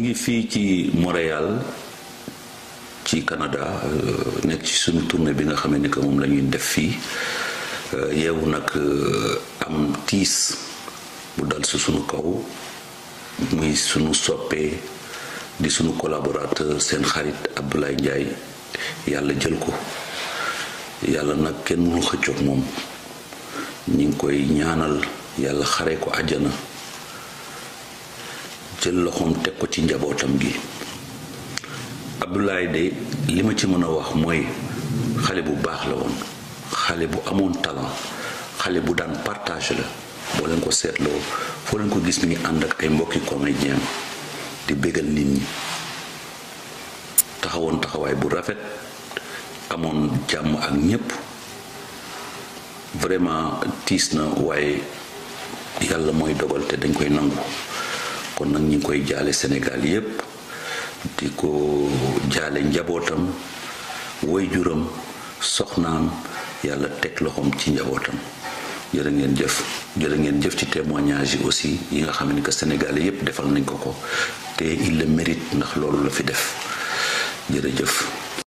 ñu ngi fii ci Montréal ci Canada euh, nekk ci suñu tournée bi nga xam ne que moom lañuy def fii euh, yeewu nag euh, am tiis bu dal si suñu kaw muy suñu soppee di suñu collaborateur seen xarit Abdoulaye njaay yàlla jël ko yàlla nag kenn mënu xëccoog moom ñu ngi koy ñaanal yàlla xare ko àjjana jël loxoom teg ko ci njabootam gi Abdoulaye de li ma ci mën a wax mooy xale bu baax la woon xale bu amoon talent xale bu daan partage la boo leen ko seetloo foo leen ko gis mi ànd ak ay mbokki comédien di bégal nit ñi taxawoon taxawaay bu rafet amoon jàmm ak ñépp vraiment tiis na waaye yàlla mooy dogal te dañ koy nangu kon nag ñu ngi koy jaale Sénégal yépp di ko jaale njabootam woy waajuram soxnaam yàlla teg loxoom ci njabootam jërë ngeen jëf jërë ngeen jëf ci témoignage yi aussi yi nga xam ne que Sénégalais yépp defal nañ ko ko te il le mérite ndax loolu la fi def jërëjëf.